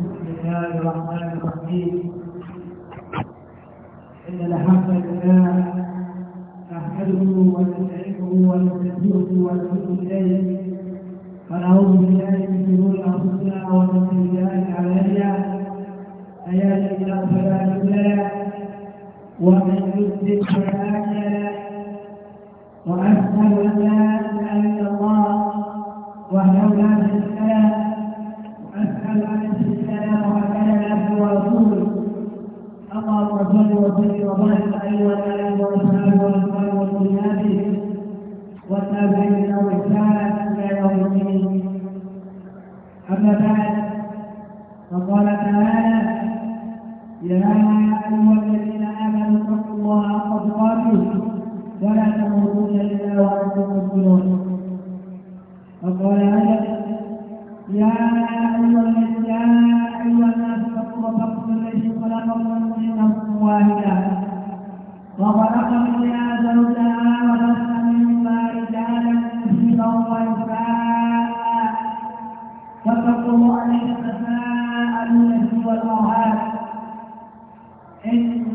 بسم الله الرحمن الرحيم إن الحمد لله نحمده ونستعينه ونستهديه ونتوب إليه ونعوذ بالله من شرور أنفسنا ومن سيئات أعمالنا من يهده فلا مضل له ومن يضلل فلا هادي له وأشهد أن لا إله إلا الله وحده لا شريك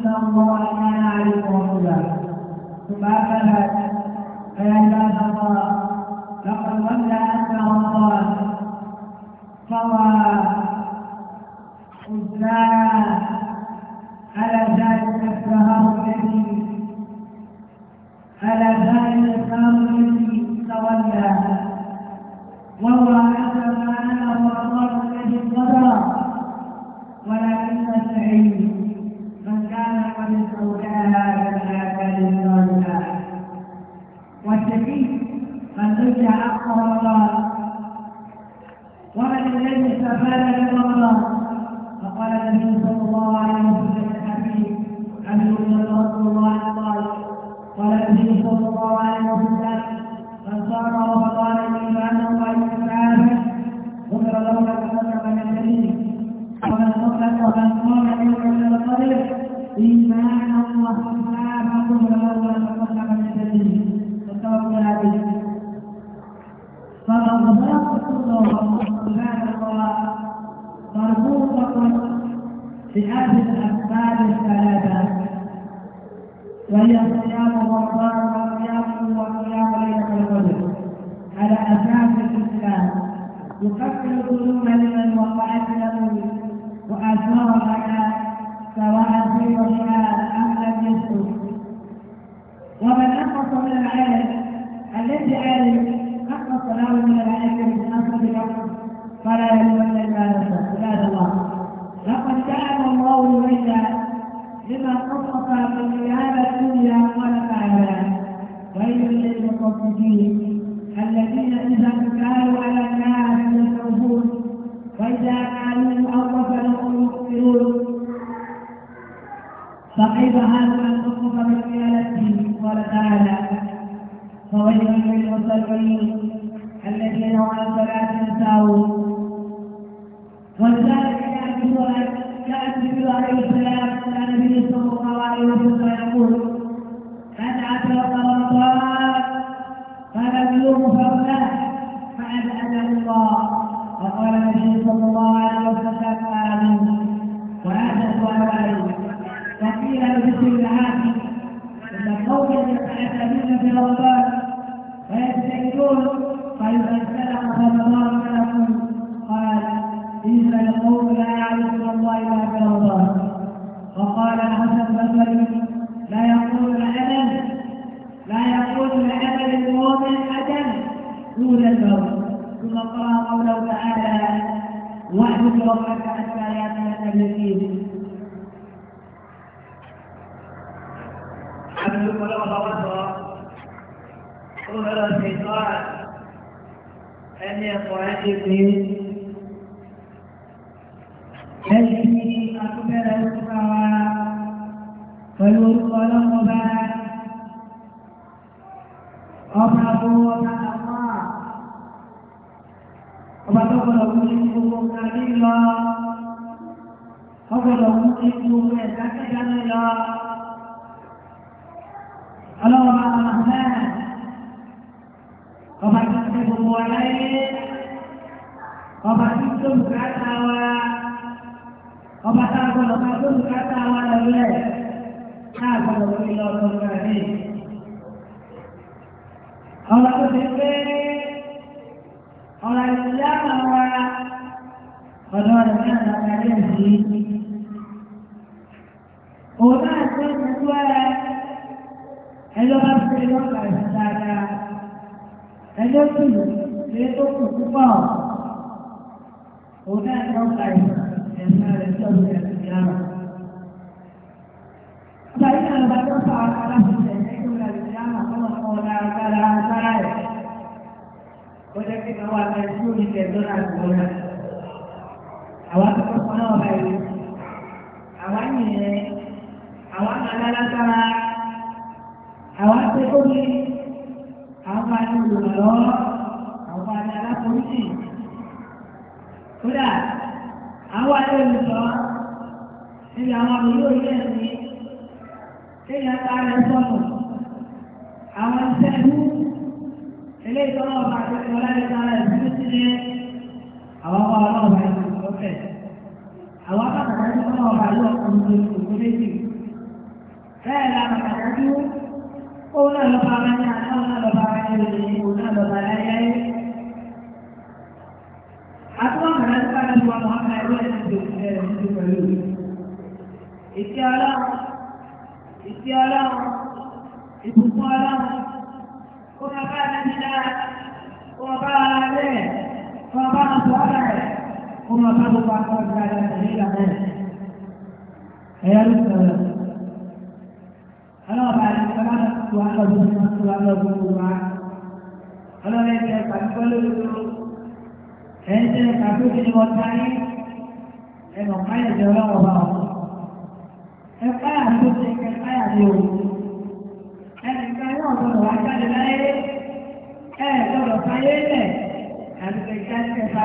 إن الله كان عليكم رسولا ثم أخذت فيا عباد الله لقد ولى أن رمضان سوى أذنان يقفل قلوب لمن وقعت له وآثارها سواء في وجهها أم لم يسكت ومن نقص من العلم الذي علم نقص له من العلم بنقص الوقت دون الموت ثم قرأ قوله تعالى واعبد ربك حتى ياتيك اليقين عبد الله وحده أمر الشيطان أن يقعدني يجري أكبر السماوات ويرقى لهم gbogbo kan líla ọgbọ̀dọ̀ fún ti gbogbo ẹ̀dá kẹta líla ọlọ́wọ́ àmàlẹ́ ọba tó ti gbogbo aláyé ọba tó tó bùkátà wa ọba tó gbọdọ̀ ká tó bùkátà wa lọ́lẹ̀ náà gbọdọ̀ wọlé lọ́dọ̀ kàdé ọba tó ti pé ọ̀rọ̀ ìyá àwọn ará ọlọ́run náà lọ́kàrí ẹ̀sìn yìí. òun náà tó gbogbo àwa tó kọ́ sọ́nà ọba yìí àwa nìyẹn àwa máa lálágbára àwa tó tóbi àwa máa ní olùrànlọ́wọ́ àwa máa ní aláforíjì kódà àwa yóò lè sọ níbi àwọn ọmọ yóò yẹ ẹ̀mí kéèyàn bá rẹ sọ̀rọ̀ àwọn sẹ́nu eléyìí tó náà bá tẹ̀síwọ́lá nípa ẹ̀sìn sílẹ̀ àwọn ọmọ ọlọ́ọ̀bá àwọn akẹ́kọ̀ọ́ tí wọ́n ọba yóò kún ní oṣù méjì bẹ́ẹ̀ la bàtà tí ó náà lọ́ba ara ní àná náà lọ́ba ara ní òní òun náà lọ́ba láyáyé àtúwọ̀n kàrà tí wọ́n ti wọ́n mọ́ ọ̀nà ẹ̀rọ ẹ̀ ti dòkú ẹ̀ ti dòkú ìtì ọlọ́run ìtì ọlọ́run ìbùkún ọlọ́run kó bá bá a lẹ́ni dára kó bá a lẹ́ẹ̀ kó bá a sọ̀rọ̀ ثم بعد بعد على سبيل الناس أيام أنا بعد كمان وأنا بسم وأنا بسم أنا ليك أقول أنت كافي وتاني أنا ما يجوا وراء أنا أقول لك أنا اليوم أنا كان يوم وأنا لا أنا لو سايلة Islam ni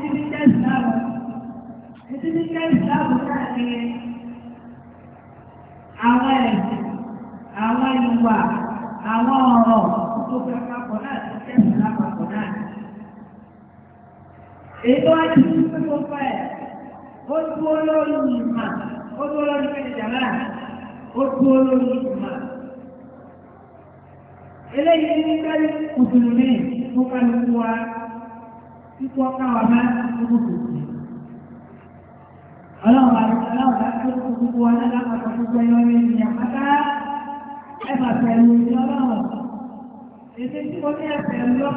ti ni jẹ́ Islam. Ètí ní kẹ́ ìsìláàmù náà ni àwọn ẹ̀sìn, àwọn ìwà, àwọn ọ̀rọ̀ tó fẹ́ papọ̀ náà ti kẹ́ ìsìláàmù papọ̀ náà. Èyí tó wá ti ní pé kó fẹ́ ẹ̀, ó dúró lórí ìmọ̀, ó dúró lórí kẹ́kẹ̀ẹ́ náà, ó dúró lórí ìmọ̀. Eléyìí ní kẹ́rì mùsùlùmí, mo kà ló wá, kíkọ́ káwa máa ń mú mùsùlùmí ọlọ́run àdúgbò àdúgbò gbogbo wa náà lápapọ̀ gbogbo ẹyọ ní ènìyàn pátá ẹ máa pẹ̀lú ní ọlọ́run ètò tí mo ní ẹsẹ̀ ń o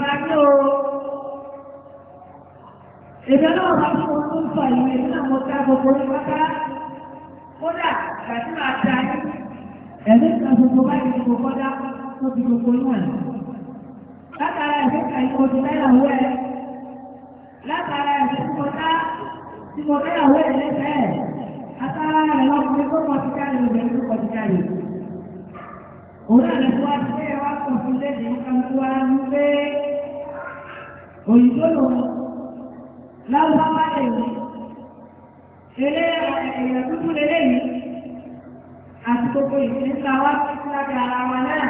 èdè náà máa fún un tó ń sọ ìwé náà mo ta gbogbo ní pátá kódà gàtí máa ta yín ẹ̀mí kan gbogbo báyìí ni mo kọ́dá tó fi gbogbo níwọ̀n látara ẹ̀fẹ́ kan ìkọ̀dù náírà wẹ̀ látara ẹ̀fẹ́ kọ́dá tí mo fẹ́ àwọn ẹ̀rẹ́ bẹ́ẹ̀ atára rẹ̀ lọ́kùnrin tó kọ̀ sí káyọ̀ obìnrin tó kọ̀ sí káyọ̀. òun náà lè wá sí ẹ wá pọ̀ sí léde nǹkan wá ń pé òyìnbó lò láwùjọ lè wí. Eré ẹ̀yà dúdú lélẹ́yìí àti gbogbo ìpínlẹ̀ wa ti ti lábẹ́ ara wa náà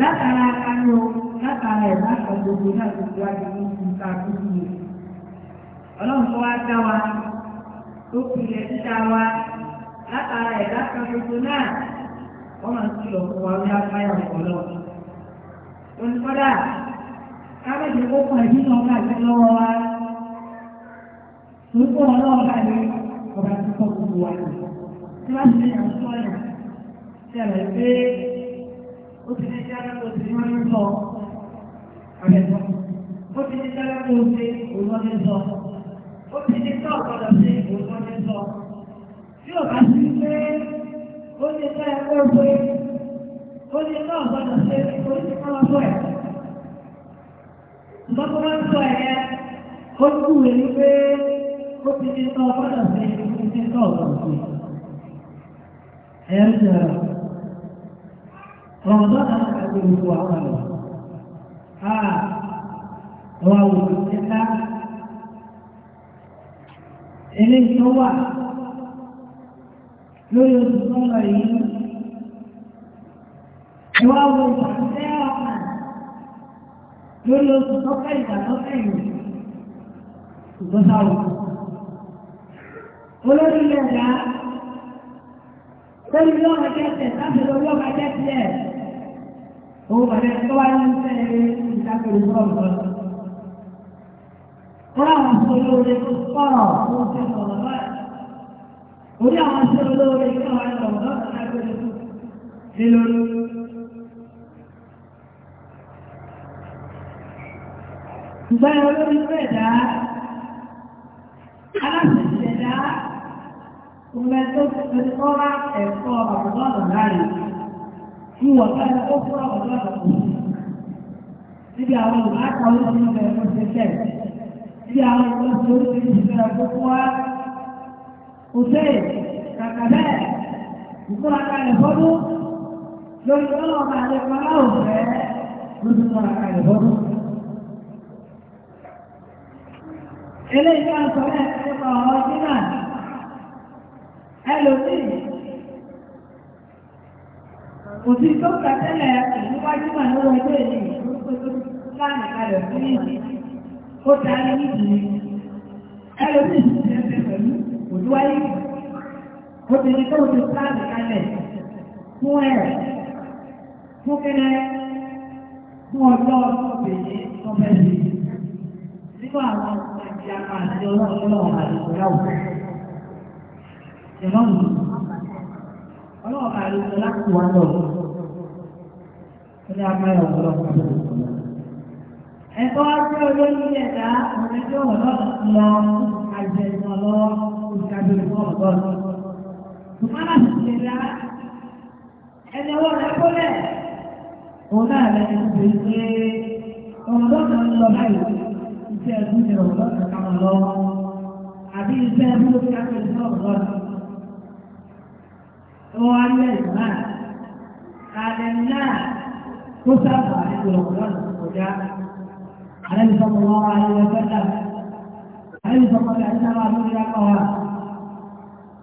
látara kanú látara ẹ̀ láti gbogbo náà gbogbo àgbẹ̀ ní ìta dúdú ọlọ́run tó wá dá wa tó pilẹ̀ dídá wa látara ẹ̀dá kan tuntun náà wọ́n máa ń kìlọ̀ fún wa wíwá fáyà ọ̀pọ̀lọ́. onífọ́dà kábẹ́jì ó kàn yín náà bá ti lọ́wọ́ wa tó kọ́ ọlọ́run bá ní ọba tó kọ́ gbogbo wa lò. tí wọ́n ó ti ní tó ọ̀gbọ́dọ̀ ṣe òun sọ. Tí ò bá ti pé ó ti fẹ́ kó pé ó ti tó ọ̀gbọ́dọ̀ ṣe ó ti kọ́ ọ̀gbọ́ ẹ̀. Ṣùgbọ́n tó bá ń sọ ẹ̀yẹ, ó kú rẹ̀ ní pé ó ti ní tó ọ̀gbọ́dọ̀ ṣe ó ti ní tó ọ̀gbọ́dọ̀ ṣe. Ẹ̀yẹ́ ń jẹ́ Rọ̀mọ̀dọ́ àwọn àgbèrè ìwà ọ̀rọ̀. Àà, wọ́n á wò ó ti ká eléyìí tó wà lórí oṣù tó ń lọ yìí ìwà wo ìgbàgbé ọ̀nà lórí oṣù tó fẹ́ ìgbà tó kẹ́yìn ṣùgbọ́n sáwọn olórí ilé ẹ̀dá lórí ilé ọ̀nà kẹsẹ̀ láti lórí ọ̀nà kẹsẹ̀ ẹ̀ òun bàbá tó wá ní sẹ́yìn ìdákẹ́rù bọ́ọ̀lù olóore tó pọ̀ tó ń fi ọ̀rọ̀ náà. Orí àwọn aṣọ olóore tí àwọn ẹ̀rọ náà lágbèrè fún mi lórí. Ìgbà yẹn olórí fẹ́ dá aláṣẹ̀ṣẹ̀ ẹ̀dá òun tó ti kọ́ bá ẹ̀kọ́ ọ̀rọ̀ náà láàyè. Ìwọ̀ ká ló kó fún ọ̀rọ̀ lọ́wọ́. Níbi àwọn ìbátan olóore ọ̀rọ̀ ṣẹ̀ṣẹ̀ tí àwọn ìwọ́n tó ń ṣe ìṣẹ̀lẹ̀ àkókò wa kò sí kàkà bẹ́ẹ̀ ìfúnra kalẹ̀ fọ́dún lórí ọlọ́ọ̀bà àlejò aláwòfẹ́ lójú ìfúnra kalẹ̀ fọ́dún. eléyìí náà sọ bẹ́ẹ̀ nípa ọ̀rọ̀ ọdún náà ẹlòmíì òtítọ́ kàtẹ́lẹ̀ ìwájú náà ló wọlé èyí ló ń pè tó láàrin kalẹ̀ fún ìyìn ó darí nídìí ẹlòmíì ti ti ẹsẹ̀ pẹ̀lú òdúwáyé obìnrin tó ti pláàdì kalẹ̀ fún ẹ̀ fún kẹ́lẹ́ fún ọjọ́ obìnrin tó fẹ́ lè àwọn àti àpá àti ọlọ́ọ̀lọ́ọ̀ àdìgbòyàwó ìrọ̀lù ọlọ́ọ̀ka àdìgbòyàwó láti wà lọ. Ó ní agbára ọ̀pọ̀lọpọ̀ ẹ̀kọ́ ọjọ́ olórí ẹ̀dá ọ̀rẹ́jọ́ ọ̀lọ́run lọ àjẹ̀sán lọ ìṣàbẹ̀wò ọ̀gọ́rùn. Tùmọ́lá ti ṣe dá ẹni ọwọ́ rẹ̀ kólẹ̀. Òun náà rẹ̀ ti ṣe ọ̀rọ̀lọ́run lọ báyìí. Iṣẹ́ ẹ̀kú ni ọ̀rọ̀lọ́run kan lọ. Àbí iṣẹ́ ẹ̀kú ló fi káfíń sí ọ̀rọ̀lọ́run. Ó wá lé ìgbà. Àlẹ́ náà kó sábà ní ọ̀rọ̀lọ́run kọjá. النبي صلى الله عليه وسلم النبي صلى الله عليه وسلم أقول لكها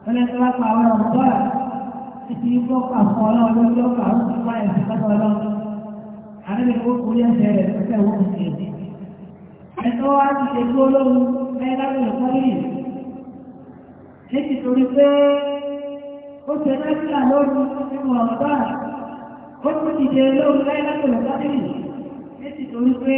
فلن تلقى ولا رضاء يبقى الصلاة ولا يبقى رضا الله يتقضى له أنا بقول كل شيء حتى هو مسكين ẹ̀tọ́ wá ti ṣe tó lóhun ẹgbẹ́gbẹ́ ìkọ́lì ní ti torí pé ó ṣe mẹ́sílà lórí nínú ọ̀gbà ó tún ti ṣe lóhun ẹgbẹ́gbẹ́ ìkọ́lì ní ti torí pé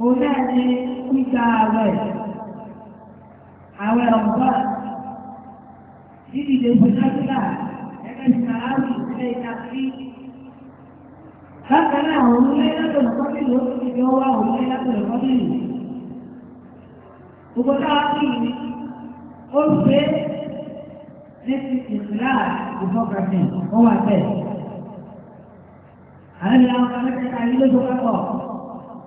òun náà ní gbígba àwẹ̀ àwẹ̀ ọ̀gbà nídìde bùnátìlà ẹgbẹ́ sàárì ilé ìtàkì. Bákan náà àwọn onílé látọ̀lọ̀ kọ́bìlì ó ti fi ọwọ́ àwọn onílé látọ̀lọ̀ kọ́bìlì. Gbogbo náà kì í ó ṣe ní ti ìsìlá ìfọ́gbàgbẹ̀ ọwọ́ àbẹ̀. Àlejò àwọn akẹ́kọ̀ọ́ ayélujára pọ̀.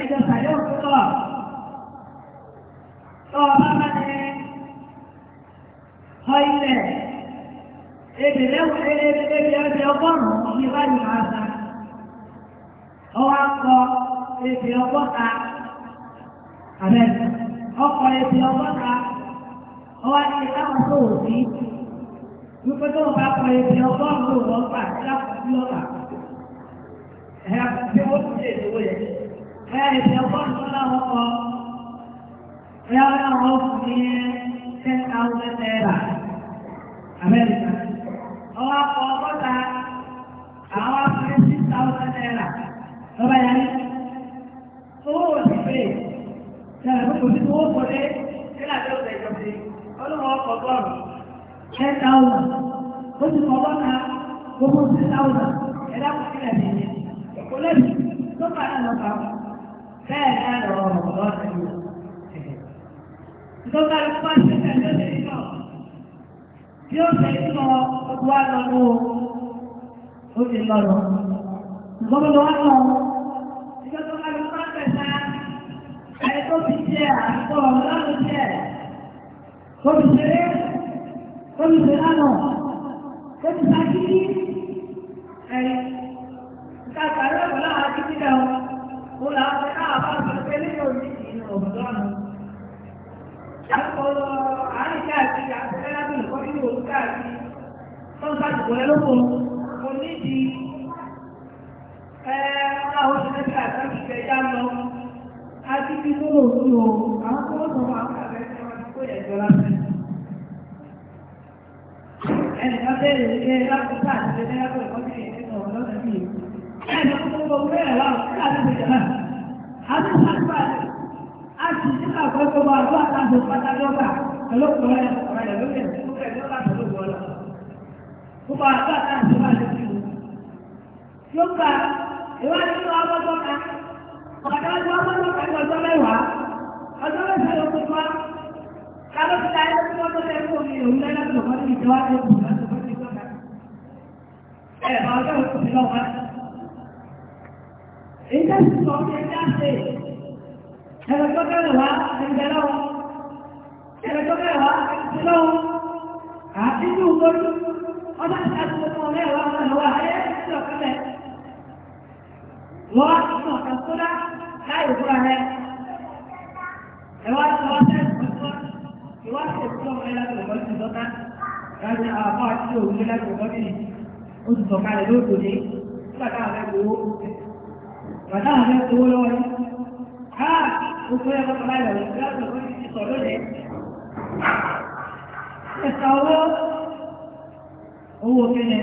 ẹjọ́ sàlẹ̀ òkú tọ̀ tọ́ ọba bá ní ọ ilẹ̀ ebè lẹ́wọ̀n ebè ọjọ́ ọgọ́rùn-ún ní báyìí máa san ọwọ́ akọ ebè ọgọ́ta àbẹ́ ọkọ̀ ebè ọgọ́ta ọwọ́ akẹ́ táwọn tó wò sí wípé tó bá kọ ebè ọgọ́rùn-ún lọ́pàá lápapọ̀ lọ́pàá ẹ̀ ẹ́ bí wọ́n ti lè lówó yẹn ẹ̀yà ìṣẹ̀ ọgọ́rùn-ún tó láwọn kọ ẹ̀yà ọ̀làwọ̀n ọ̀fù ní ten thousand naira amẹ́ríkà ọwọ́ akọ ọgọ́ta àwọn afẹ́ six thousand naira lọ́ba yà ní owó òsì pé ṣẹlẹ̀ fún òsì owó kọ́lé kílà tó ṣe ìjọba ọlọ́wọ́ ọkọ̀ bọ́ọ̀lù ten thousand ó ti kọ́ ọgọ́ta gbogbo six ẹ̀dá kò kílẹ̀ nìyẹn kò lẹ́bi tó bá yà lọ́ba bẹ́ẹ̀ náà lọ́wọ́ ọ̀rọ̀ ọ̀sẹ̀ ló bá lọ́wọ́ àṣẹ́fẹ́ ló lè lọ bí ó fẹ́ lọ ọdún wa lọ lọ ó lè lọ lọ ṣùgbọ́n lọ́wọ́ lọ ìjọba bá lọ́wọ́ àṣẹ́fẹ́ ẹni tó fi jẹ́ àpò ọlọ́run jẹ́ olùṣeré olùṣeránà olùṣàkíní ẹ̀yìn ìta àgbàdo ọ̀pọ̀lọpọ̀ àti kíkà ó làwọn bá gbàgbé lẹ́yìn òní ìnà ọ̀gbọ́n. Àkọlọ àríkà àti àtẹ́lẹ́ lábẹ́ olùkọ́ nínú òrùka àti tọ́ńtà tó wọ́n sọ láti. Ẹnìkan bẹ̀rẹ̀ láti sáà sí. Ẹnìkan tó ń àti àgbà rẹ̀ a sì ní àkọ́kọ́ bá lọ́wọ́ àtàkùn pátákọ́gbà ọlọ́kùnrin ọ̀rẹ́ lórí ẹ̀sìn tó bẹ̀rẹ̀ lọ́wọ́ àtàkùn lọ́wọ́ ó bá àgbà àtàkùn bá lè fi wọn. yóò ka ìwádìí lọ abọ́tọ́ kan ọ̀dọ́ ọjọ́ abọ́tọ́ kan ní ọjọ́ mẹ́wàá ọjọ́ mẹ́sàn-án ló èyí tẹ́ sì sọ pé ẹja ṣe ẹ̀rọ tó kẹ́rẹ̀ wá ẹ̀jẹ̀ lọ́wọ́ ẹ̀rọ tó kẹ́rẹ̀ wá ẹ̀jẹ̀ lọ́wọ́ àti ní ògbóni ọba ti ta ọmọ ẹ̀rọ ọmọ ayé ti ọ̀kẹ́lẹ̀ wọ́n ti sọ sódà láì òwúrọ̀ rẹ̀ ẹ̀wọ́n ti wọ́n ìwádìí òkú ọmọ ẹlẹ́gbẹ̀rún ti dọ́ta láti àwọn àti òun ẹlẹ́gbẹ̀rún ti ó ti bàtà àwọn fẹ́ lọ́wọ́ ní ká ó tó yẹ kọ́kọ́ láì lọ́wọ́ ìgbà owó owó kẹ́lẹ̀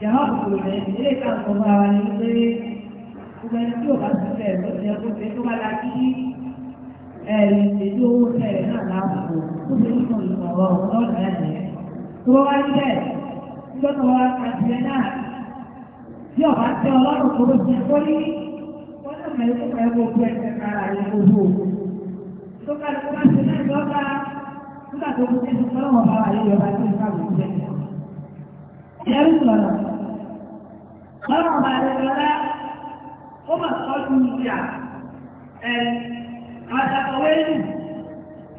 yàrá òkùnkùn rẹ̀ ilé ìkàkọ̀ máa wà ní pé gbogbo ẹni tí ò bá ti fẹ́ ló ti ẹkọ́ pé tó bá la kí ẹ̀rì èdè owó fẹ́rẹ̀ náà láàbùkù tó fi ń sọ ìgbà ọ̀rọ̀ ọ̀rọ̀ náà yẹn tó bá wá bí ọba tẹ ọlọ́run tó ló jẹ tó ní wọn náà mẹ́rin tó fẹ́ gbogbo ẹ̀sẹ̀ kára rẹ̀ gbogbo. tó ká ló bá ṣe náà lọ́ba nígbà tó kú tẹ́sí fọlọ́wọ́ bá wà lórí ọba tó ń bá gbogbo ẹ̀. ìyẹn sọ̀rọ̀ lọ́rọ̀ ọba rẹ̀ lọ́la ó mà tọ́jú ìjà ẹ̀ àdàpọ̀ wẹ́lú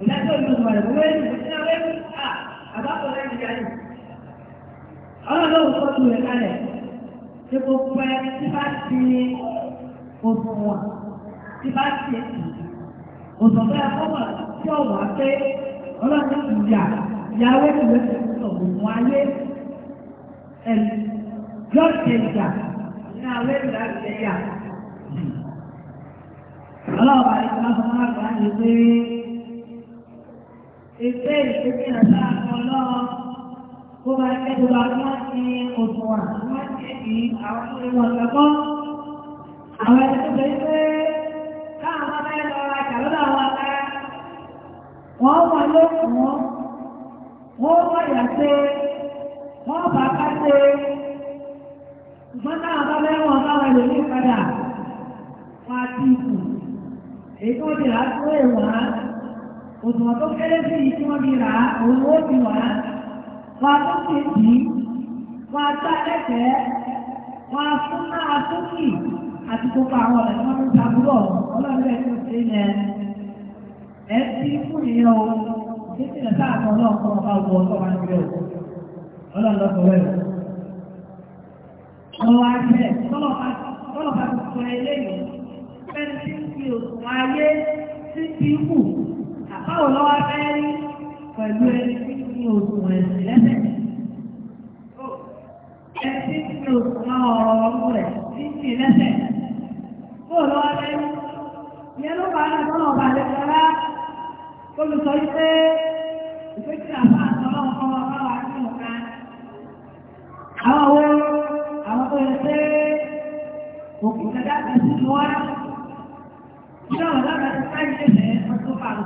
ìdájọ́ ìlú ọ̀rọ̀ rẹ̀ wẹ́lú ìdájọ́ wẹ́lú à àbápọ̀ lẹ́yìn ṣe gbogbo ẹni tí bá ti òsùn wà tí bá ti èsì òsùn tó yẹ kọ́mọ̀ tí ó wà pé ọlọ́run ti yà ìyàwó ìwé ti sọ òun ayé ẹ̀lú yóò ṣe ìjà ní àwọn ìlà ìṣe yà. ọlọ́ọ̀bà ìṣe máa fọwọ́ àgbà ní pé ìgbé ìṣe kí ẹ̀ka ọlọ́ọ̀ tó bá jẹ́ tó bá wá sí òṣùwọ̀n wá àwọn tó lè Àwọn ẹni tó bẹ̀rẹ̀ pé káwọn bá bẹ́ẹ̀ lọ àwọn ọ̀tá. Wọ́n wọ́n lókùn Wọ́n wọ́n yà pé tó ti rà tó kéré sí ìtí wọ́n fi òun ó ti wọ̀n á wọn tó ṣe jì í wọn ajá lẹ́fẹ̀ẹ́ wọn fún náà tó kì àti gbogbo àwọn ọ̀rẹ́ tí wọ́n ń taburọ̀ ọlọ́run ẹ̀ tó ṣe yẹn ẹ̀ ti fún ìyẹn o títí ẹ̀ sáà kan náà kọ́ ọba ògbó ọkọ̀ máa ń gbé o ọlọ́run lọ́kọ̀ rẹ̀ ọwọ́ àgbẹ̀ tọ́lọ̀pá ti sọ eléyìí fẹ́ni tí ń fi òkun ayé tí ń kù àbáwò lọ́wọ́ abẹ́rí pẹ̀lú ẹni fi òṣùwọ̀n ẹ̀sìn lẹ́sẹ̀. Ẹ̀sìn fi òṣùwọ̀n ọ̀rọ̀ ọ̀rọ̀ rẹ̀ sí ìsìn lẹ́sẹ̀. Bó lọ rẹ̀ yẹn ló bá rẹ̀ lọ́nà ọ̀bà lè sọ́lá. Olùsọ yìí pé ìpè tí àbá àtọ́lọ́ ọkọ̀ ọ̀rọ̀ wà ní ọ̀ka. Àwọn owó àwọn tó yẹ pé òkú kẹta kẹsì ni wọ́n. Ilé ọ̀dọ́ ti ká ìṣẹ̀lẹ̀ ọdún pàrọ̀.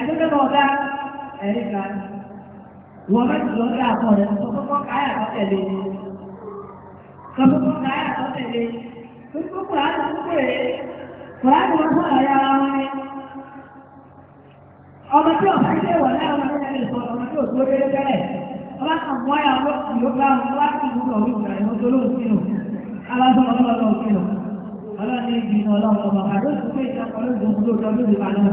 àtẹ́tẹ́ bọ̀ ọ̀gá ẹ̀rí kan wọ́n bá ti lọ́ọ́ àpọ̀ rẹ̀ kọ́kọ́ káyà tó tẹ̀lé kọ́kọ́ káyà tó tẹ̀lé kọ́kọ́ kùránì tó tẹ̀lé kùránì wọn fún ọ̀rẹ́ ara wọn ni ọmọ tí ọ̀fà ilé wọ̀ láwọn ọmọ tí ẹ̀rẹ́ sọ̀rọ̀ ọmọ tí ò tó rere tẹ́lẹ̀ ọba kan mú ayà ló kì ló bá wọn wá sí ìlú ọ̀rọ̀ ìgbà ìwọ̀n tó lóun sínú aláṣọ ọlọ́ọ̀lọ́ sínú ọlọ́ọ̀ni ìgbìmọ̀ ọlọ́ọ̀lọ́ bàbá ló ti pé ìtàkọ́ lóògùn lóòótọ́ lóògùn bá náà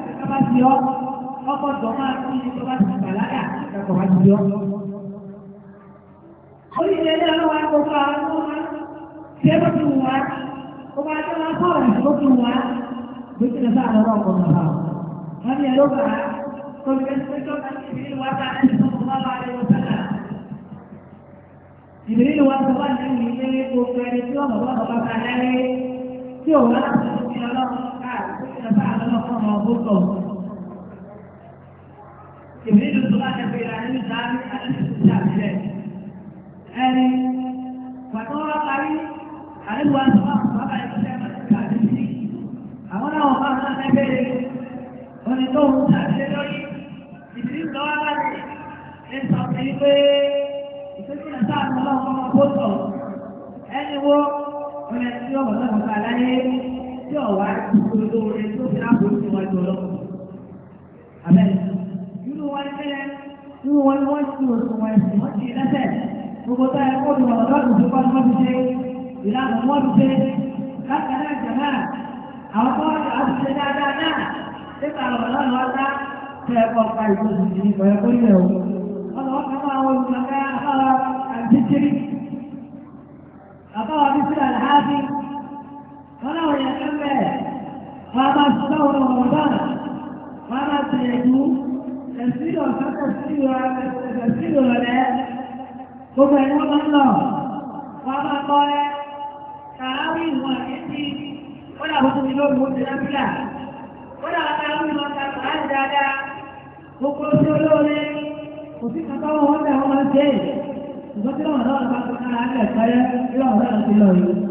tọ́ba ti yọ ọkọ̀ tó máa fi tọ́ba ti bàlágà ẹ̀kọ́ wa ti yọ. Oríṣiríṣi ẹgbẹ́ ọlọ́wà kò fún àwọn tó máa ṣe bó wù wá. Kò máa tó máa fọ̀rọ̀ sí bó ti wù wá. Bí ti lè bá àwọn ọkọ̀ náà Wọ́n ní ẹ̀rọ bàá. Ìbílẹ̀ wa sọ wá ní ìlú ilé gbogbo ẹni tí ọmọ bá bàbá bá láyé tí òun á sì ń ọlọ́run. ففعل لكم ربكم يريد الصلاة في العلم الثاني الاستشهاد إليه يعني فطور قليل على الواسطة طبعا الإسلام الاستشهاد أولا وقعنا نبيل ونطوه تأشيري يريد دوابا ليس طريقه يقول لنا سعد الله وما قلته أنه ونسيه والله تعالى tí ọ̀wá tó lóore tó fi àbò tó wá jọ lọ. Àbẹ̀ nínú wọn ṣe nínú wọn ni wọ́n ti wọ̀sùn wọn ẹ̀sìn wọ́n ti lẹ́sẹ̀. Gbogbo tá ẹ kó lùwà lọ́dún tó kọ́ lọ́dún ṣe ìlànà wọ́n ti ṣe láti náà jàmá àwọn tó wọ́n ti ṣe dáadáa náà nípa àwọn ọlọ́run ọ̀tá tó ẹ kọ́ pa ìgbésùn ní ìgbọ̀yẹ̀ kó yẹ o. Ọlọ́wọ́ kan máa wọ ìgbàgbá àbáwá àbíkiri àbáwá bíkiri àlàáfíà ọlọ́run yẹn fẹ́ bẹ́ẹ̀ wọ́n á máa sọ ọ̀rọ̀ ọ̀rọ̀ náà wọ́n á máa tẹ̀yẹ̀dú ẹ̀sìn ọ̀sán ẹ̀sìn ìrọ̀lẹ́ ẹ̀sìn gbogbo ẹ̀ máa ń lọ wọ́n máa kọ́ ẹ kàáwì ìwọ̀n ẹ̀sìn ó dà wọ́n tó ní lórí oúnjẹ ó dà wọ́n kàáwì ìwọ̀n ta kàáwì dáadáa gbogbo ojú olóore kò sí kàtà wọn wọ́n tẹ̀ wọ́n máa ń jẹ́ ìgbọ́n náà bá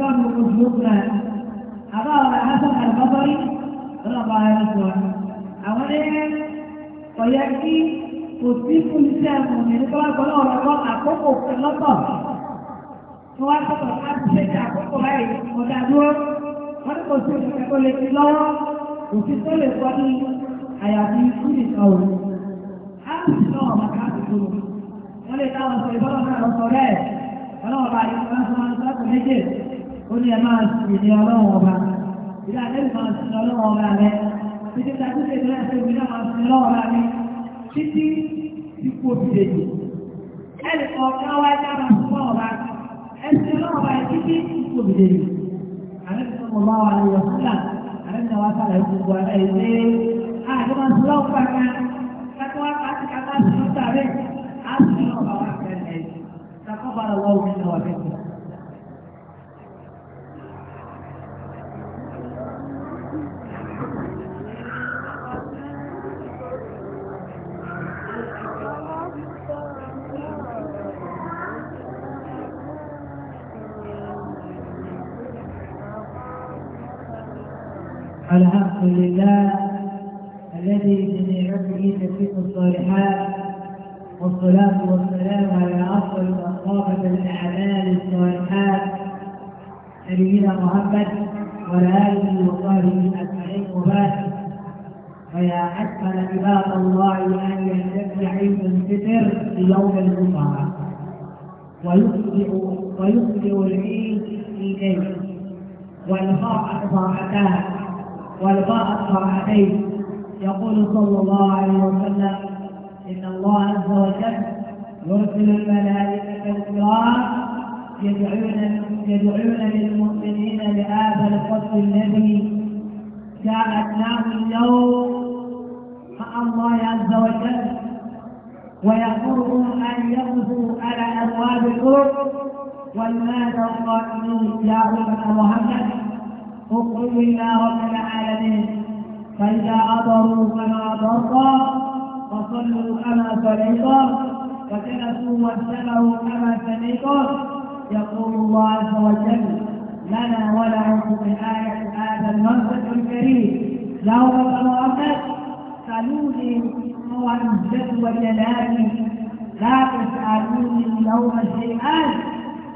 الإمام المجهود لها أباه حسن البصري رضى الله أولا ويأتي وتيكو لسانه من قال قال الله أكوكو في اللطف هو أكوكو الحمد لله أكوكو هاي مدادور wọ́n kò sí ìfẹ́kọ́ lè fi lọ́wọ́ òtítọ́ lè kọ́ ní àyàfi fún ìkọ̀wé. a kò sí náà wà ká àti kúrò wọ́n lè dáwọn sọ ìbọ́lọ́ náà lọ sọ rẹ̀ ọlọ́wọ́ bá yẹ kí wọ́n sọ wọn sọ́kùn méjèèjì ó ní ẹ máa sì ní ọlọ́run ọba ìlà àdébì máa sì ní ọlọ́run ọba rẹ títí tá a tún ṣe ìlú ẹ̀sẹ̀ òbí náà máa sì ní ọlọ́run ọba rẹ títí ipò òbídèjì ẹnì kọ̀ọ̀kan wá já máa sì wọ́n ọba ẹsẹ̀ ọlọ́run ọba rẹ títí ipò òbídèjì àdébì tó mọ̀ máa wà ní ọ̀sùnlá àdébì náà wá sálẹ̀ gbogbo ẹ̀ lé àdébì máa sì lọ́ọ̀ pàkà kákọ́ wá kàtìkàtà sí ọ̀tà rẹ̀ á sì ní ọ̀bà wá kẹ́lẹ̀ محمد ولا آله وصحبه أجمعين وبارك فيا أكمل عباد الله أن يجتمع عيد الفطر في يوم الجمعة ويصبح ويصبح العيد في بيت والفاء طاعتان والفاء طاعتين يقول صلى الله عليه وسلم إن الله عز وجل يرسل الملائكة الكرام يدعون يدعون للمؤمنين لهذا القصد الذي جاءتناه اليوم مع الله عز وجل ويأمرهم أن يقفوا على أبواب ولماذا والماذا قائلون يا أمة محمد اقل إلى رب العالمين فإذا أضروا فما ضرا وصلوا كما فريضا وجلسوا واجتمعوا كما سمعتا يقول الله عز وجل لنا ولهم في آية هذا المنزل الكريم لو مقامات سألوني هو الجد وجلالي لا تسألوني يوم شيئا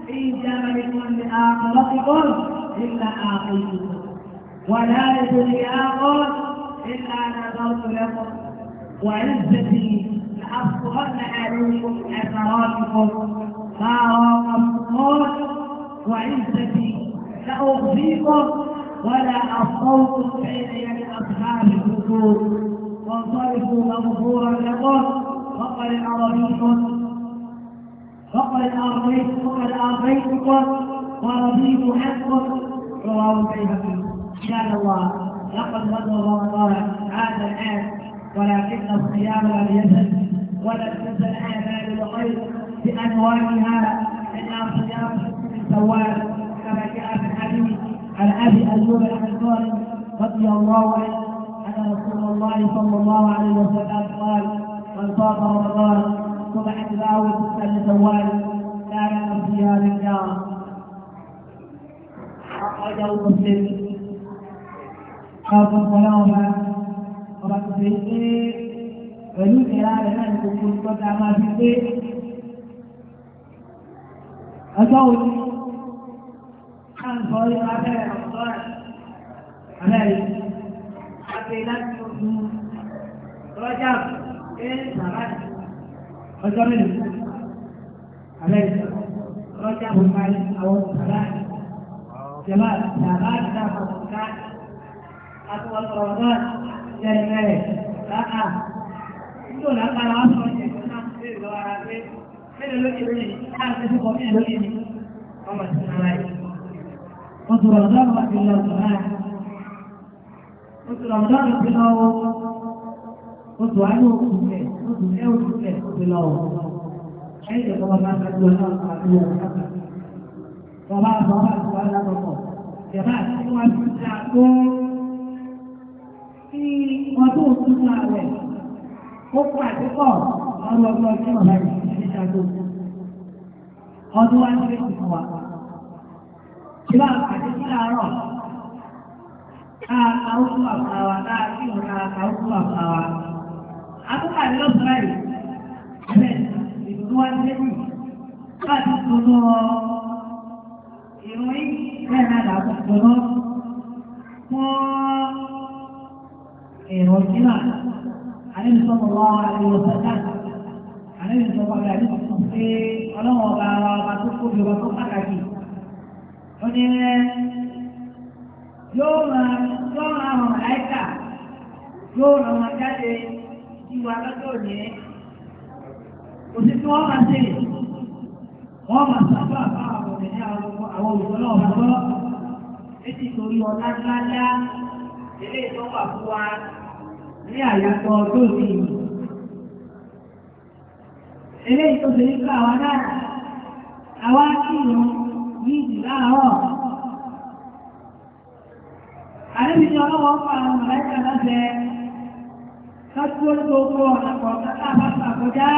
في جملكم لآخرتكم إلا آخرتكم ولا لدنياكم إلا نذرت لكم وعزتي لأبصرن عليكم أثراتكم فارافقاك وعزتي سأخزيكم ولا أصوت بين يد أصحاب الكفور وانصرفوا مغفورا لكم فقد أرضيكم فقد أرضيت فقد أرضيتكم ورضيت عنكم رواه البيهقي يا الله لقد مضى رمضان عاد الآن ولكن الصيام لم يزل ولم تزل آمال الخير بأنواعها من صيام الزواج كما جاء في الحديث عن أبي أيوب الأنصاري رضي الله عنه أن رسول الله صلى الله عليه وسلم قال من صام رمضان ثم اتباعه لا لزواج كان من ثياب النار أخرجه مسلم حافظ صلاها ومن في ولو كلام من كل ما في ọjọ́ òní káàkọ́ yọ abẹ́rẹ́ ọ̀tọ́rẹ̀ abẹ́rẹ́ abẹ́ láti ọdún rọ́jà ẹ̀ sàbáàtì ọjọ́ mélòó abẹ́rẹ́ rọ́jà bùkárí àwọn sàbáàtì jẹ́mà sàbáàtì dáàbò bùkárí àtúwọ̀n ọ̀rọ̀ náà jẹ́ láàá nígbò lápára wọn sọ ọ̀jẹ̀ mélòó lókè lónìí láàrín tó kọ mélòó lókè ní ọmọ sí ara rẹ̀. wọ́n tó rọ̀mọ́dọ́nù wà sí lọ sọ̀rọ̀ rẹ̀. wọ́n tó rọ̀mọ́dọ́nù sí lọ wọ́. wọ́n tó wáyé òkú rẹ̀ wọ́n tó ẹ̀ òkú rẹ̀ sí lọ wọ́. ẹ̀yìn tó kọ́ bá ń gbàdúrà náà àti ọ̀rọ̀ kápá. wọ́n bá bọ́ bá tó wá lábọ̀kọ̀. ìjọba àti wọn ti ta tó kí wọ́n tó tún ṣáájú ọdún wa ní ìrètí fún wa ìbá àti sí àárọ̀ káàkà ó fún àbúrà wa káàkì òun káàkà ó fún àbúrà wa akókò àti lọ́sùn láì ẹ̀rẹ́ ìdùnnú wa dé mú káàkì tuntun lọ ìròyìn bẹ́ẹ̀ náà dàbò tuntun lọ fún èrò ìjìnlá àlejò sọ́kùnrin wa àti ìwòsàn náà àlẹ́ yìí sọ́kọ́ bí adé kọ̀ọ̀kan pé ọlọ́wọ́ ọba wa ọba tó kóbi ọba tó pàtàkì ó ní yóò máa yóò máa ràn láìka yóò ràn wọn jáde ìwà lọ́jọ́ òní òsì tí wọ́n máa ṣe wọ́n máa sábà bá àwọn ọ̀rẹ́ àwọn olùkọ́ náà wà lọ́ ètí torí ọ̀la ńláńlá ilé ìtọ́wà fún wa ní àyàtọ̀ lónìí eléyìí tó ṣe nípa àwọn náà àwa kí ló ní ìdílá àwọ̀. àdébí ni ọlọ́wọ́ ń pa àwọn mọ̀lẹ́kà lọ́sẹ̀ lọ́tí ó tó kó ọ̀nà kọ̀ọ̀kan tá a bá fà kọjá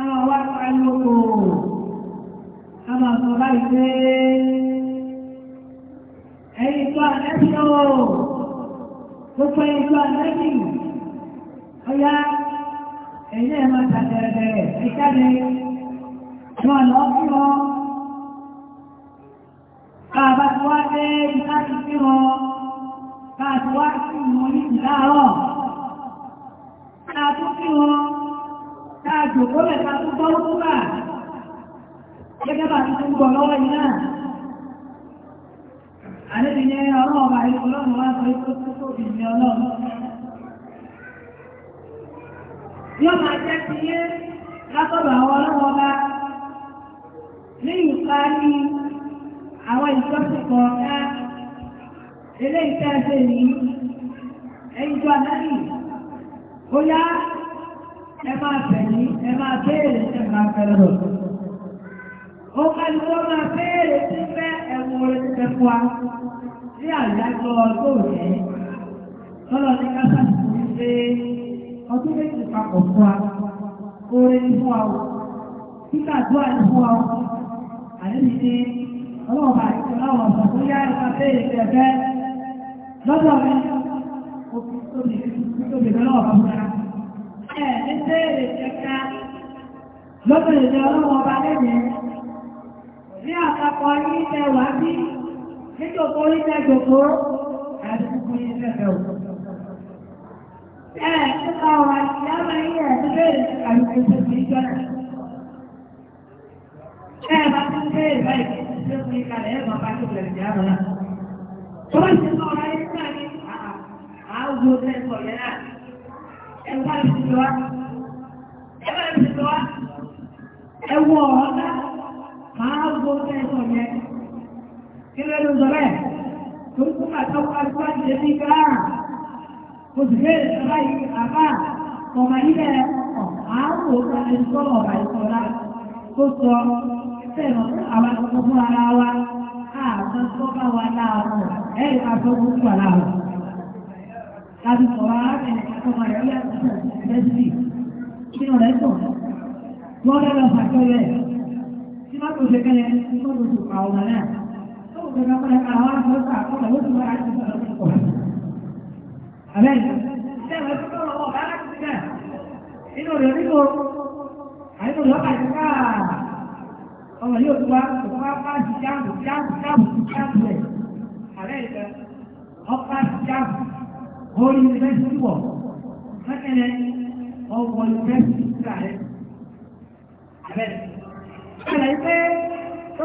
àwọn wá pa lóko a máa sọ báyìí pé ẹ̀yin tó àlẹ́bí náà gbogbo ẹ̀yin tó àlẹ́bí ọ̀yá ẹ̀yìn ẹ̀ máa ta wọn lọ fún wọn káàbá tí wá dé ìta ti fi wọn káàtí wá sí wọn ní ìdáhọ̀ káàtú sí wọn káàjò kó lẹ̀ tó gbọ́ lókùnà gẹ́gẹ́ bá ti tún lọ́wọ́ yìí náà àlejò yẹn ọlọ́run wá sọ ikú tó tóbi ní ọlọ́run yóò máa jẹ́ ti yé látọ̀dọ̀ àwọn ọlọ́wọ́ bá ní ìka ní àwọn ìjọsìn kọ̀ọ̀kan eléyìí tẹ́ ẹ ṣe yìí ẹ̀yin jọ àdáyì ó yá ẹ máa fẹ̀yìn ẹ máa béèrè ẹ máa fẹ́rẹ̀ lọ. ó kálí tó máa béèrè tí fẹ́ ẹ̀wọ̀n orin ti fẹ́ fún àyájọ́ ọjọ́ òní tọ́lọ́ ní ká sàtúnṣe ọdún méjì papọ̀ fún wa oore ní fún wa o kíkà àdúrà ní fún wa o àdébí ní ọlọ́wọ́ bá àti ọlọ́wọ́ ọ̀sán tó yá ẹ̀ka béèrè ti ẹ̀fẹ́ lọ́dọ̀ mi tóbi lọ́wọ́ fún wa ẹ̀ ní béèrè ti ẹ̀ka lọ́dọ̀ ìjọ ọlọ́wọ́ bá lẹ́yìn ní àpapọ̀ yìí tẹ wá bí nítorí tẹ jòkó àti kúkú yìí tẹ fẹ́ òkú. Ẹ̀rẹ̀ nípa wa ìyáwó ilé ẹ̀sùn bèèrè àlùkò tó ti jọ́nà. Ẹ̀rẹ̀ bá ti bèèrè báyìí tí ó fi kalẹ̀ ẹ̀rọ bá ti bẹ̀rẹ̀ ìyá rẹ̀ oṣù bẹ́ẹ̀ sábà yìí àbá ọmọ ilẹ̀ àárò ẹni sọ́nà ọ̀bà ìsọ̀lá tó sọ fẹ́ẹ̀rọ àwọn akọ̀kọ̀ fún ara wa àbá tó bá wa láàrọ̀ ẹ̀ àbọ̀ gbogbo wa láàrọ̀. Láti sọ̀rọ̀ Àmín. Ìjọba tó tọrọ ọ̀ bá láti sílẹ̀. Inú rẹ̀ nínú àìsàn lọ́kà ti ká ọmọ yóò tún wá òun wá bá ti jáàmù jáàmù jáàmù ti jáàmù rẹ̀. Àlẹ́ ìfẹ́ ọ̀pá ti jáàmù. Orí ilé ti wọ̀. Mẹ́kẹ́lẹ́ ọ̀pọ̀ ìfẹ́ ti kà rẹ̀. Àlẹ́ ìfẹ́ ìfẹ́ tó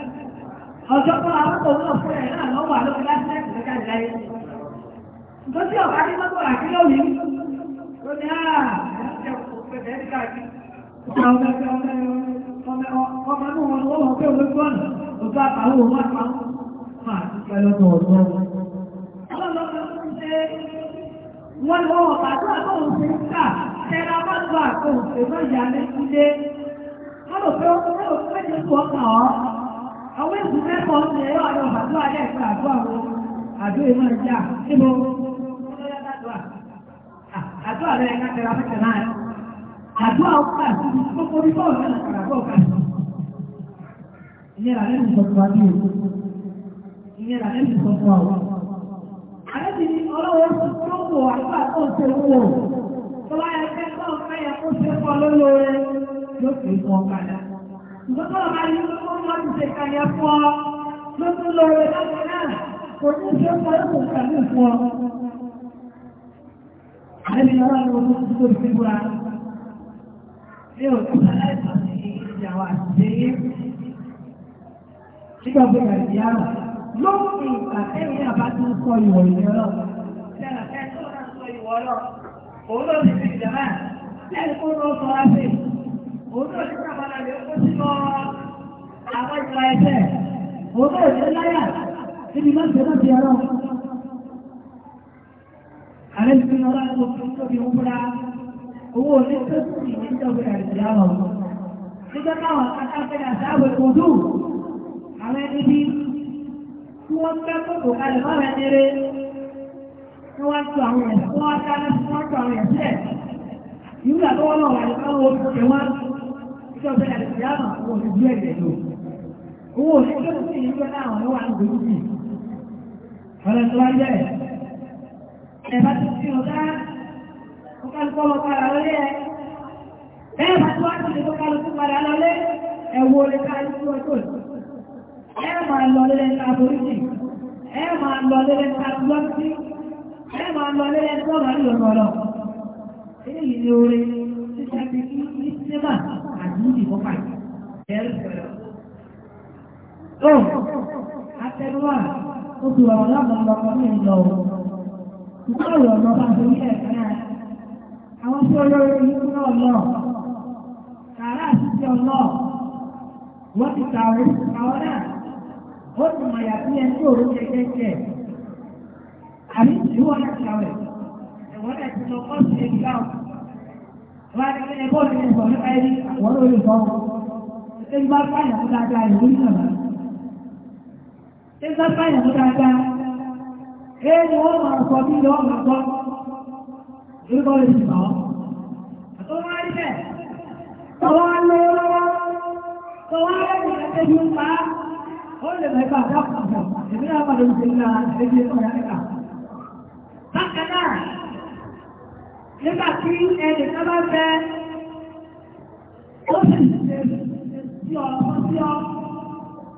ọjọ́ tó àwọn tó náà fún ẹ̀ náà lọ́wọ́ àlọ́ lásìlẹ̀ tó àwọn èkó mẹ́kọ̀ọ́ ń lè yọ àwọn fún láti ṣe kàyà fún ọ ló tún lọ rẹ lọ́wọ́ náà kò ní ṣe ó parí fún ọ. Àlẹ́bí ọ̀rọ̀ ni wọ́n tún tó ti wá. Ṣé o ti máa láìsàn sí ìyàwó àtìlẹ́yẹ? Nígbà tó kà sí àrà, lóòrùn ìgbà tẹ́lẹ̀ àbá tó ń sọ ìwọ̀ ìwọ̀ àwọn ìlà ẹ̀fẹ́ òun náà ṣe láyà níbi máa ń ṣe náà ti ọ̀rọ̀. Àlẹ́ ti fi ọlá ẹ̀kọ́ tó ń tóbi ń múra owó oní tó sì ní ìjọba ìrìnàjò àwọn ọmọ. Nígbà táwọn akáfẹ́ àtàwọn ìkòdù àwọn ẹni bí tí wọ́n fẹ́ kókò kalẹ̀ máa rẹ̀ nire tí wọ́n tó àwọn ẹ̀sìn wọ́n ká lẹ́sìn wọ́n tó àwọn ẹ̀sìn ẹ̀. Ìwúlà tó wọ́n náà wà ní káwọn oṣù tẹ̀wọ́n ìjọba ìrìnàjò àwọn owó ìṣẹ́jọ́ tó yẹ kí láwọn ẹwà ń gbèrú bì ọ̀rẹ́ tó wá jẹ́ ẹ̀ bá ti fi ọ̀gá ọkàlùkọ́ lọ padà lọ́lé ẹ̀ ẹ̀ bá tó wá ti lè kọ́kàlùkọ́ padà lọ́lé ẹ̀wọ̀ lè kàlùkọ́ ọjọ́ ẹ̀ máa lọ lẹ́lẹ́ ta boríṣì ẹ̀ máa lọ lẹ́lẹ́ ta lọ́sí ẹ̀ máa lọ lẹ́lẹ́ tó wà ní ni oore títí a ti kí ní ọ̀ àtẹnuwà ó fi wà wọn lọ́gbọ̀n lọ́gbọ̀n ní ìlọ òun. Ìgbà ọ̀rọ̀ ọ̀nà bá ti ní ẹ̀ka náà. Àwọn tí olórí ikú náà lọ. Kàrá àtijọ́ lọ. Wọ́n ti kàwé àwọn náà. Ó ti mọ̀ yàtí ẹni tí òun ṣe kẹ́kẹ́. Àbí ìwọ náà kàwé. Ẹ̀wọ́n náà ti lọ kọ́ sí ẹ̀ka ọ̀. Wọ́n á ní kí ẹgbẹ́ òun ní ìfọ̀ nípa ẹni àwọn olórí ìfọ̀. Ẹgbẹ́ bá pààyàn dáadáa ìlú náà ṣe ń sábà bá fẹ́ ó sì ṣe sí ọ̀rọ̀ sí ọ̀rọ̀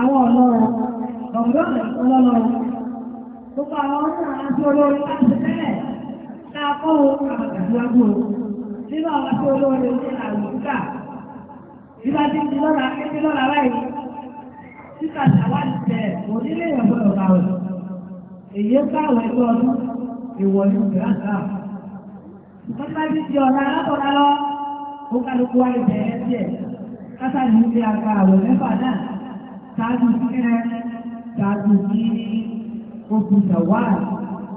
àwọn ọlọ́run ọ̀gbọ́n ọlọ́run gbogbo àwọn ọ̀sán àti olórin láti tẹ́lẹ̀ náà kọ́ ohun àgbàdúgbò nínú àwọn tí olórin ní àlùkà ìgbà tí ti lọ́ra kékeré lọ́ra báyìí títà sàwádìí tẹ̀ onílé ìyàgbọ́dọ̀ báwọn èyí báwọn ẹgbẹ́ ọdún ìwọ̀ ní ìgbàgbà nípa bí ti ọ̀nà alákọ̀ọ́lá lọ ó kálukú wáyé bẹ̀rẹ̀ díẹ̀ kásá ní ilé àgbà ṣáájú sílẹ̀ ṣáájú sí ogun ṣàwárí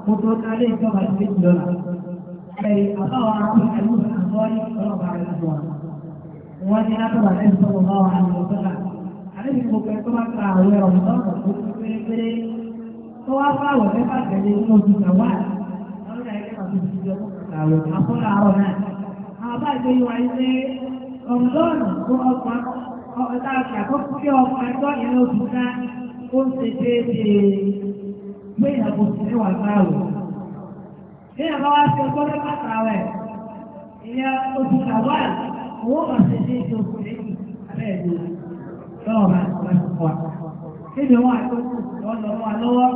kó tó kálé ìjọba ìgbé ìlọ́la. Ẹ̀rí àbáwọ̀ àwọn ẹ̀rú àgọ́rí ọlọ́ba rẹ̀ lọ. Wọ́n ní látọ̀bà lẹ́nu sọ́wọ́ bá wà ní ọ̀sọ́là. Àlébí mo fẹ́ tó bá ka àwọn ẹ̀rọ mọ́tò tó ti pérépéré. Tó wá bá àwọn ẹ̀fà tẹ̀lé ní ogun ṣàwárí. Àwọn ẹ̀rọ àti ìṣèjọ́ àwọ̀ àfọ́lá ọ̀tá àkọ́kọ́ pé ọmọ ẹgbọ́ ìlú òdùnká ó ń ṣe déédéé pé ìyàbò sí ní wàá gbà wò. Bí ìyàbá wá ṣe gbọ́dọ̀ bàtà rẹ̀, ìyá òdùnká wà owó pàṣẹ ní ètò òkèèrè abẹ́ ìlú lọ́wọ́ bá wà sí wa. Níbi wọn àtọ́kù lọ lọ wà lọ́wọ́,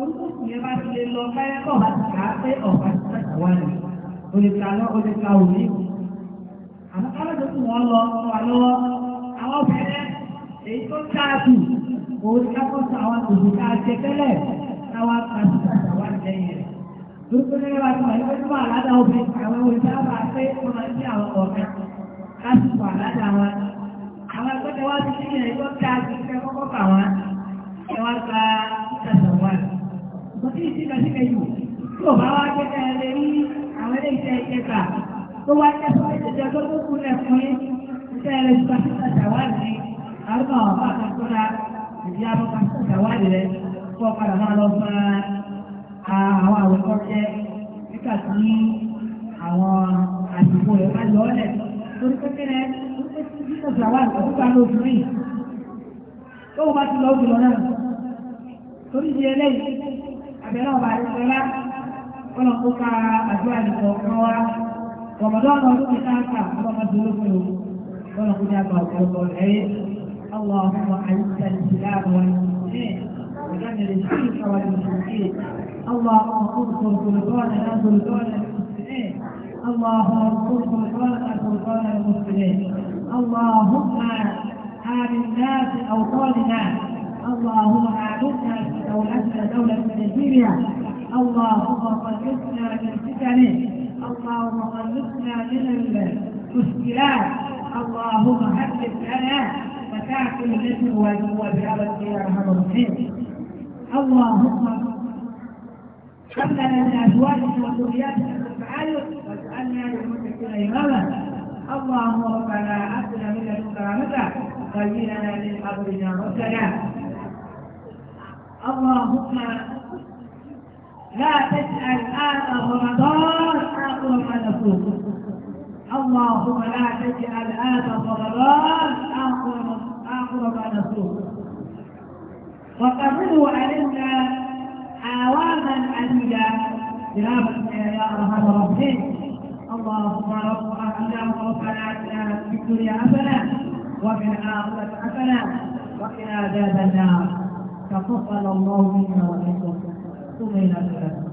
olùkókù yẹn bá ti lè lọ báyẹ̀ kọ̀ bá ti kà á pé ọ̀pá ti bàtà wà ní. Olùkà lọ, olùkà òní. Àmọ́ káwé tó kù wọ́n lọ wà lọ́wọ́ àwọn bẹ̀rẹ̀ èyí tó dáàbò òun ni kákọ́sọ àwọn tòun tá a jẹ tẹ́lẹ̀ táwọn kàṣí kàṣà wà lẹ́yìn rẹ̀. lóko ní ẹgbẹ́ àti wàyí wọ́n wà ládà obìnrin àwọn ohun tí a bá fẹ́ wọ́n máa ń bí àwọn ọ̀rẹ́ láti wà ládà wọn. àwọn akọ́tẹ wá sí ní ẹ̀yìn tó dáàbò ìfẹ́ kọ́kọ́ bà wọn ẹ wá gba kàṣà wà. ìgbọ́dí ìsìnkàṣíkà yìí tí ò bá wá kẹ́kẹ́ lè rí àwọn ilé iṣẹ́ ìjẹta tó wá kẹ́kọ̀ọ́ ìṣèjọ́ tó kú lẹ́kùnrin tẹ́lẹ̀ pàṣípà ṣàwádìí àrùbá àwọn bá kan kóra ìdí àwọn pàṣípà ṣàwádìí rẹ̀ kọ́ padà máa lọ fa àwọn àwòkọ́ jẹ́ nígbà tí àwọn àdìgbò rẹ̀ bá lọ ọ́lẹ̀ torí kékeré wípé tí títà ṣàwádìí kò gbà ní oṣù rìn tó o bá ti lọ jùlọ náà torí di eléyìí àbẹ̀rẹ̀ ọ̀bà àdìgbòlá wọn kó ka àdúrà nìkan kan wá ọmọdé ọmọ ọdún kẹta ń kà ọmọdé ológun yòókù. ولهناك قول العين اللهم اعز الاسلام والمسلمين ودمر الشرك والمشركين اللهم انصر سلطاننا سلطان المسلمين اللهم انصر سلطاننا سلطان المسلمين اللهم آمنا في أوطاننا اللهم آمنا في دولتنا دولة نيجيريا اللهم خلصنا من فتنه اللهم خلصنا من المشكلات اللهم حدث لنا فتاك الاسم وجوه بأبد يا ارحم الراحمين اللهم حملنا من ازواجك وذرياتك بالتعايش واجعلنا للمتقين اماما اللهم ربنا اتنا من لدنك رحمتك وزيننا من قبرنا رسلا اللهم لا تجعل آل رمضان آخر ما نفوقه اللهم لا تجعل هذا الضلال آخر آخر ما نسوق وقرروا علينا عواما عديدة برحمتك يا رب ربي اللهم رب اللهم ربنا في الدنيا حسنة وفي الآخرة حسنة وقنا عذاب النار تقبل الله منا ومنكم ثم إلى الثلاثه